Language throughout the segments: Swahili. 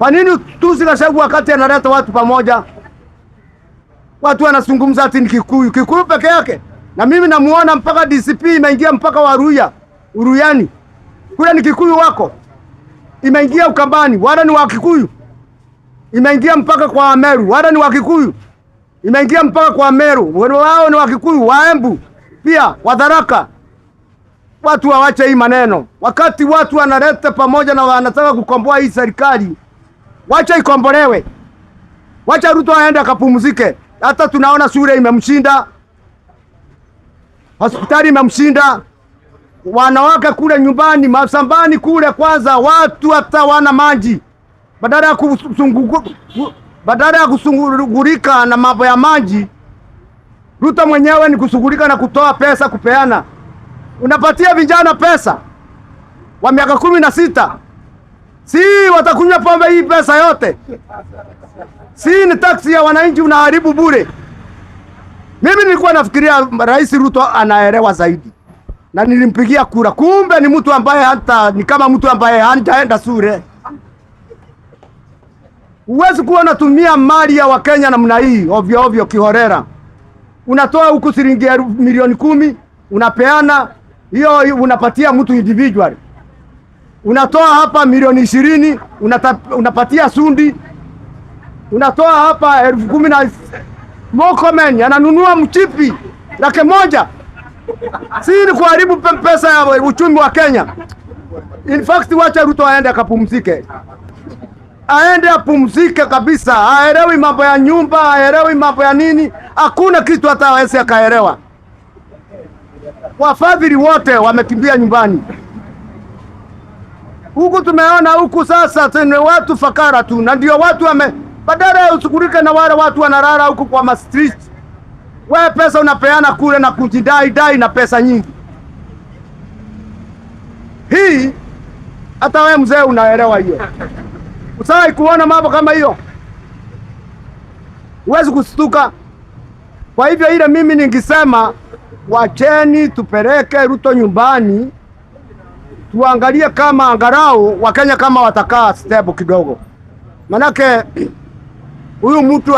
Kwa nini Tusi na wakati analeta watu pamoja, watu wanazungumza ati ni Kikuyu, Kikuyu peke yake? Na mimi namuona mpaka DCP imeingia mpaka Waruya Uruyani kule, ni Kikuyu wako imeingia Ukambani, wala ni wa Kikuyu imeingia mpaka kwa Ameru, wala ni wa Kikuyu imeingia mpaka kwa Meru, wao ni wa Kikuyu. Waembu pia Wadharaka, watu wawache hii maneno, wakati watu wanaleta pamoja na wanataka kukomboa hii serikali wacha ikombolewe, wacha Ruto aende akapumzike. Hata tunaona shule imemshinda, hospitali imemshinda, wanawake kule nyumbani masambani kule, kwanza watu hata wana maji badala ya badala ya kusungurika na mambo ya maji, Ruto mwenyewe ni kusungurika na kutoa pesa kupeana. Unapatia vijana pesa wa miaka kumi na sita si watakunywa pombe hii pesa yote, si ni taksi ya wananchi unaharibu bure. Mimi nilikuwa nafikiria Rais Ruto anaelewa zaidi na nilimpigia kura, kumbe ni mtu ambaye hata ni kama mtu ambaye hajaenda sure. Huwezi kuwa unatumia mali ya Wakenya namna hii ovyo ovyo kihorera. Unatoa huku shilingi milioni kumi unapeana hiyo, unapatia mtu individual unatoa hapa milioni ishirini unapatia Sundi, unatoa hapa elfu kumi na Mokomen ananunua mchipi laki moja. Si ni kuharibu pesa ya uchumi wa Kenya? In fact, wacha Ruto aende akapumzike, aende apumzike kabisa. Aelewi mambo ya nyumba, aelewi mambo ya nini, hakuna kitu hata awezi akaelewa. Wafadhili wote wamekimbia nyumbani huku tumeona huku sasa tena watu fakara tu, na ndio watu wame badala ya usukurike na wale watu wanarara huku kwa street. We pesa unapeana kule na kujidai dai na pesa nyingi. Hii hata we mzee unaelewa hiyo, usai kuona mambo kama hiyo, huwezi kustuka. Kwa hivyo ile mimi ningisema wacheni tupeleke Ruto nyumbani tuangalie kama angalau Wakenya kama watakaa stable kidogo, manake huyu mtu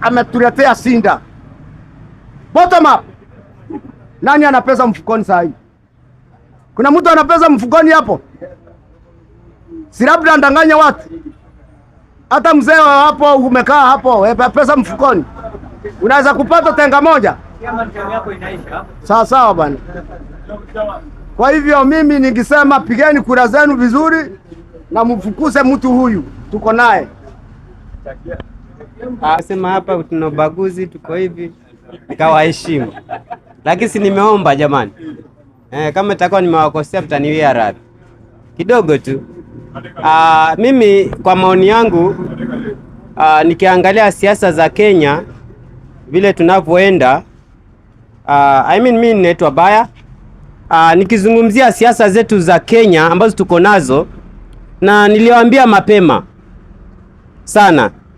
ametuletea ame sinda bottom up. Nani ana pesa mfukoni saa hii? Kuna mtu ana pesa mfukoni hapo? Si labda ndanganya watu. Hata mzee hapo umekaa hapo, pesa mfukoni unaweza kupata tenga moja. Sawa sawa bwana. Kwa hivyo mimi ningisema pigeni kura zenu vizuri na mfukuze mtu huyu tuko naye. Asema hapa tuna ubaguzi, tuko hivi, nikawaheshimu. Lakini si nimeomba jamani, eh, kama itakuwa nimewakosea mtaniwia radhi kidogo tu. Aa, ah, mimi kwa maoni yangu aa, ah, nikiangalia siasa za Kenya vile tunavyoenda, ah, I mean mimi ninaitwa Baya Aa, ah, nikizungumzia siasa zetu za Kenya ambazo tuko nazo na niliwaambia mapema sana